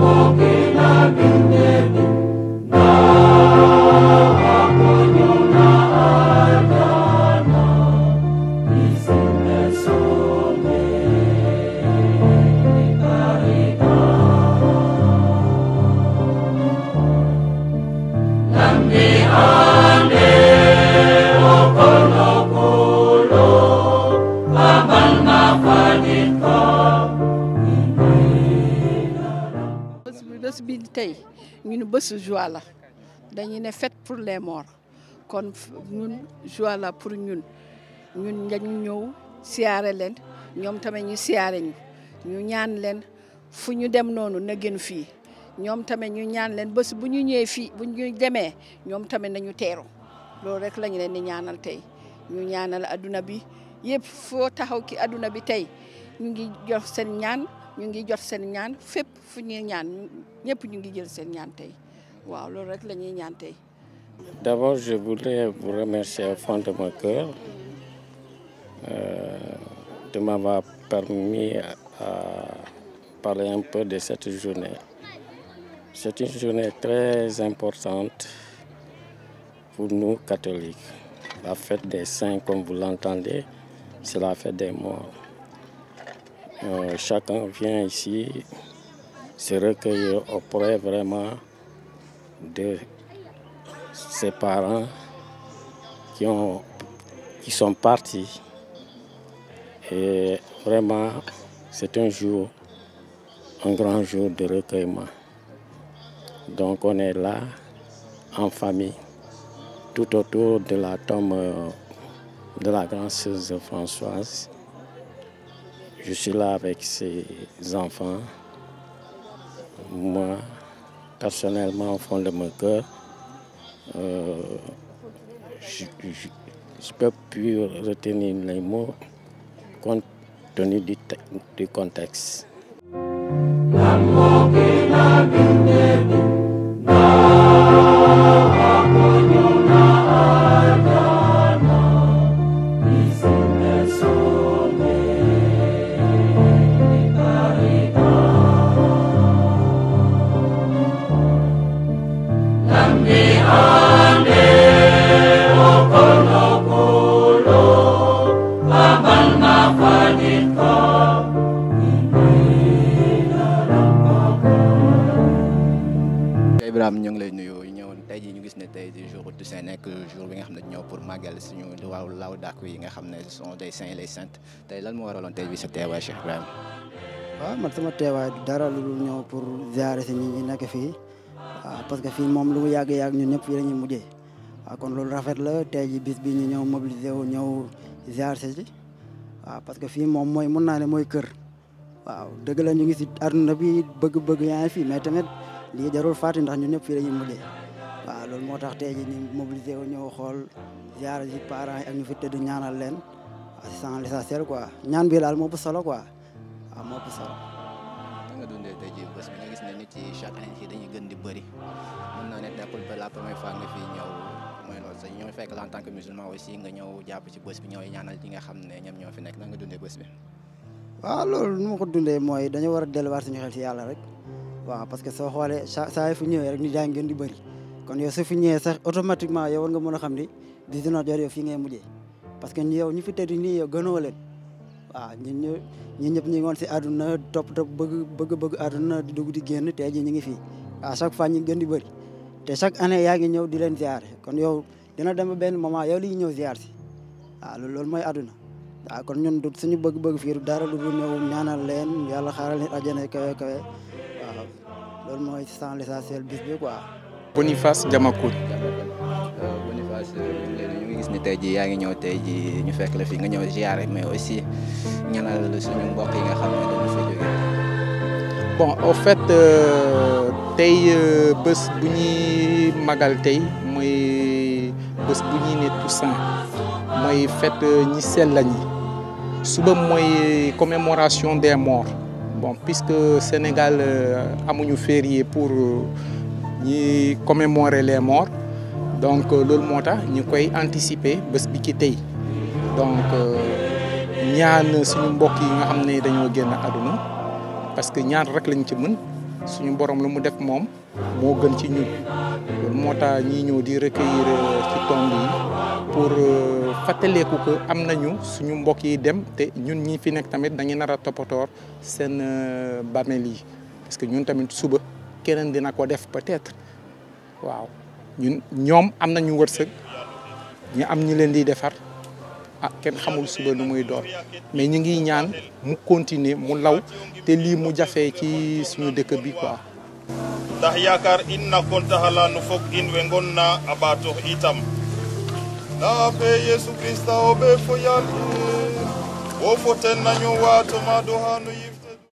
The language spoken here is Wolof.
walking. bés bi tey ñu nu bésu joie la dañuy ne fête pour les morts kon ñun joie pour ñun ñun dañu ñëw siyaare leen ñoom tamit ñu siyaare ñu ñu ñaan leen fu ñu dem noonu na gën fii ñoom tamit ñu ñaan leen bës bu ñu ñëwee fii bu ñu demee ñoom tamit nañu teeru loolu rek lañu leen di ñaanal tey ñu ñaanal adduna bi yëpp foo taxaw ki adduna bi tey ñu jox seen ñaan ñu ngi jot seen ñaan fépp fu ñuy ñaan ñëpp ñu ngi jël seen ñaan tey waaw loolu rek la ñuy ñaan tey. D'abord, je voudrais vous remercier au fond de mon cœur euh, de m'avoir permis à parler un peu de cette journée. C'est une journée très importante pour nous catholiques. La fête des saints, comme vous l'entendez, c'est la fête des morts. Euh, chacun vient ici se recueillir auprès vraiment de ses parents qui, ont, qui sont partis. Et vraiment, c'est un jour, un grand jour de recueillement. Donc on est là en famille, tout autour de la tombe euh, de la grande sœur Françoise. Je suis là avec ses enfants. personnellement, au fond de mon cœur, euh, je ne peux retenir les mots compte tenu du, du Ibrahima ñu ngi lay nuyu ñëwoon tey jii ñu gis ne tey di jour Toussaint nekk jour nga xam ne ñëw pour màggal suñu waaw laaw dàkku yi nga xam ne sont des saints et les tey lan moo waraloon tey bi sa teewaay Cheikh Ibrahima. waaw man sama dara lu ñëw pour ziare si ñi nekk fii waaw parce que fii moom lu mu yàgg yàgg ñun ñëpp fii ñuy mujjee kon loolu rafet la tey ji bis bi ñu ñëw mobiliser wu ñëw ziare si. waaw parce que fii moom mooy mun naa ne mooy kër waaw dëgg la ñu ngi si àdduna bi bëgg-bëgg yaa ngi fii mais tamit lii jarul fàtte ndax ñu ñëpp fii la ñuy waaw loolu moo tax tey jii ñu mobilisé ñëw xool ziar ji parents yi ak ñu fi tëdd ñaanal leen sans l'essentiel quoi ñaan bi laal moo ëpp solo quoi waaw moo ëpp solo. da nga dundee tey jii bés bi nga gis ne nit yi chaque année dañuy gën di bëri mun parce que ñooy fekk que musulman aussi nga ñëw jàpp ci bés bi ñooy ñaanal ñi nga xam ne ñoom ñoo fi nekk nan nga dundee bés bi. waaw loolu nu ma ko dundee mooy dañoo war a delluwaat suñu xel si yàlla rek waaw parce que soo xoolee saa yu fu ñëwee rek ñu jaay ngeen di bëri kon yow su fi ñëwee sax automatiquement yow war nga mën a xam di dina jor yow fii ngay mujjee parce que yow ñu fi tëdd nii yow gënoo leen waaw ñun ñu ñëpp ñu ngi woon si àdduna topp topp bëgg bëgg bëgg àdduna di dugg di génn tey jii ñu ngi fii à chaque fois ñu gën di bëri te chaque année yaa ngi ñëw di leen ziare kon yow dina dem ba benn moment yow li ñëw ziar si waaw ah, loolu mooy àdduna waaw ah, kon ñun du suñu bëgg-bëgg fii dara du dul ñaanal leen yàlla xaaral leen àjjana kawe loolu mooy sans l'essentiel bis bi quoi. Boniface Diamacoune. Euh, Boniface euh, gis ni tey jii yaa ngi ñëw tey jii ñu fekk la fi nga ñëw ziare mais aussi ñaanal suñu mbokk yi nga xam ne dañu fa jógee. bon au fait euh, tey bés bu magal tey muy. bés bu ñuy ne Toussaint mooy fête ñi sell ñi suba mooy commémoration des morts bon puisque Sénégal euh, amuñu férié pour euh, ñi commémorer les morts donc euh, loolu moo tax ñu koy anticiper bés bi ci tey donc ñaan suñu mbokk yi nga xam ne dañoo génn àdduna parce que ñaan rek lañ ci mën. suñu borom lu mu def moom moo gën ci ñun loolu moo tax ñii ñëw di recueillir euh, ci tomb yi pour euh, fàttaleeku que am nañu suñu mbokk yi dem te ñun ñi fi nekk tamit dañu nar a toppatoor seen euh, bamel yi parce que ñun tamit suba keneen dina ko def peut-être waaw ñun ñoom am nañu wërsëg ñu am ñu leen di defar ah kenn xamul suba nu muy doon mais ñu ngi ñaan mu continuer mu law te lii mu jafee ci suñu dëkk bi quoi. ndax yaakaar in nakon taxala nu in we ngon na a itam nda fe yeesu krista o ɓee fo yaal wo fo nañu waato maado haa no